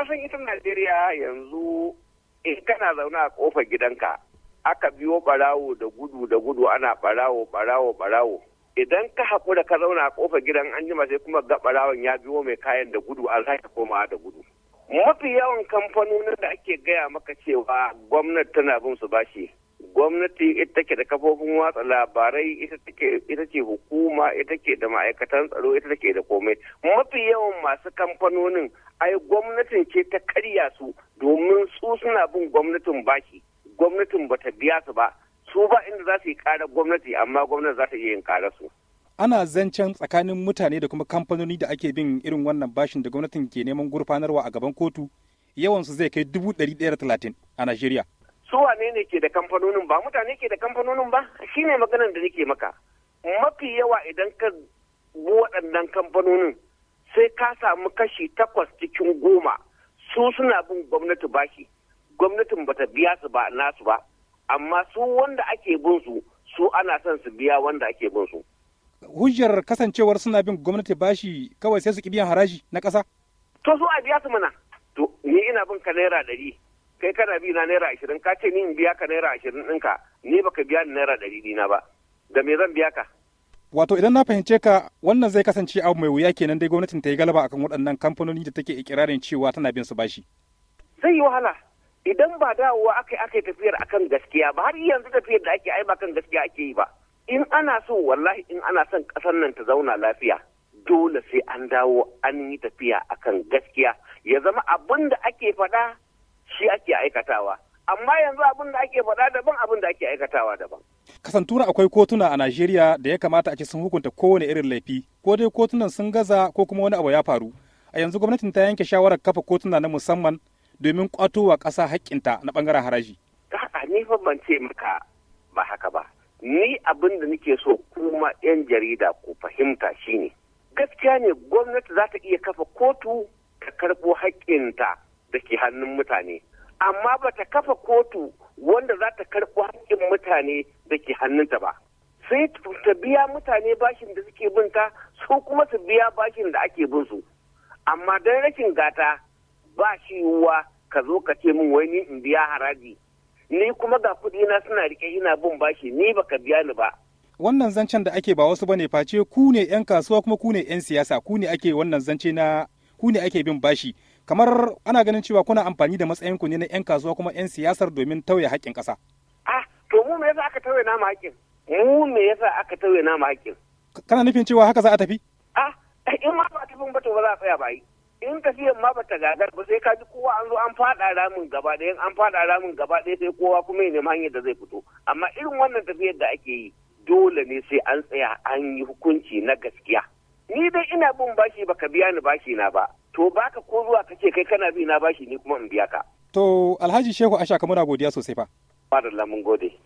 kasan ita najeriya yanzu in kana zauna a kofar gidanka aka biyo barawo da gudu da gudu ana barawo barawo barawo idan ka haƙu da ka zauna a kofar gidan an jima sai kuma ga barawon ya biyo mai kayan da gudu an sake koma da gudu mafi yawan kamfanonin da ake gaya maka cewa gwamnati tana bin su bashi gwamnati ita take da kafofin watsa labarai ita ke hukuma ita ke da ma'aikatan tsaro ita ke da komai mafi yawan masu kamfanonin ai gwamnatin ce ta karya su domin su suna bin gwamnatin baki gwamnatin ba ta biya su ba su ba inda za su yi kara gwamnati amma gwamnati za ta iya yin kara su ana zancen tsakanin mutane da kuma kamfanoni da ake bin irin wannan bashin da gwamnatin ke neman gurfanarwa a gaban kotu yawansu zai kai dubu ɗari ɗaya talatin a najeriya su wane ne ke da kamfanonin ba mutane ke da kamfanonin ba shine maganar da nake maka mafi yawa idan ka bu waɗannan kamfanonin sai ka samu kashi takwas cikin goma su suna bin gwamnati bashi gwamnatin bata biya su ba nasu ba amma su wanda ake bin su su ana son su biya wanda ake bin su hujjar kasancewar suna bin gwamnati bashi kawai sai su ki biyan haraji na ƙasa to su a biya su mana to ni ina bin ka naira ɗari kai kana bi na naira ashirin ka ce ni in biya ka naira ashirin ɗinka ni baka biya ni naira ɗari dina ba da me zan biya ka. Wato idan na fahimce ka wannan zai kasance abu mai wuya kenan dai gwamnatin ta yi galaba akan waɗannan kamfanoni da take ikirarin cewa tana bin su bashi. Zai yi wahala idan ba dawowa aka aka yi tafiyar akan gaskiya ba har yanzu tafiyar da ake yi ba kan gaskiya ake yi ba. In ana so wallahi in ana son ƙasar nan ta zauna lafiya dole sai an dawo an yi tafiya akan gaskiya ya zama abin da ake faɗa shi ake aikatawa amma yanzu abin da ake faɗa daban abin da ake aikatawa daban kasantura akwai kotuna a Najeriya da ya kamata a ce sun hukunta kowane irin laifi ko dai kotunan sun gaza ko kuma wani abu ya faru a yanzu gwamnatin ta yanke shawarar kafa kotuna na musamman domin kwatowa wa ƙasa haƙƙinta na ɓangaren haraji. A'a ni fa ban ce maka ba haka ba. Ni abin da nake so kuma 'yan jarida ku fahimta shine gaskiya ne gwamnati za ta iya kafa kotu ta karɓo haƙƙinta da ke hannun mutane. amma ba ta kafa kotu wanda za ta karɓi haƙƙin mutane da ke hannunta ba sai ta biya mutane bashin da suke binta su kuma su biya bashin da ake bin su amma don rashin gata ba shi yiwuwa ka zo ka ce min wai ni in biya haraji ni kuma ga kuɗi na suna rike ina bin bashi ni baka biya ni ba wannan zancen da ake ba wasu bane face ku ne yan kasuwa kuma ku ne yan siyasa ku ne ake wannan zance na ku ne ake bin bashi kamar ana ganin cewa kuna amfani da matsayin ku ne na 'yan kasuwa kuma 'yan siyasar domin tauye haƙƙin ƙasa. Ah, to mu me yasa aka tauye namu haƙƙin? Mu me yasa aka tauye namu haƙƙin? Kana nufin cewa haka za a tafi? Ah, eh, in ma ba tafin ba to ba za a tsaya ba yi. In tafiyan ma ba ta gagar ba sai ka ji kowa an zo an faɗa ramin gaba ɗaya, an faɗa ramin gaba ɗaya sai kowa kuma ya nema hanyar da zai fito. Amma irin wannan tafiyar da ake yi dole ne sai an tsaya an yi hukunci na gaskiya. Ni dai ina bin bashi baka biya ni bashi na ba. to baka ko zuwa kake kai kana bi na bashi ni kuma in biya ka to alhaji shehu asha kamar godiya sosai fa da mun gode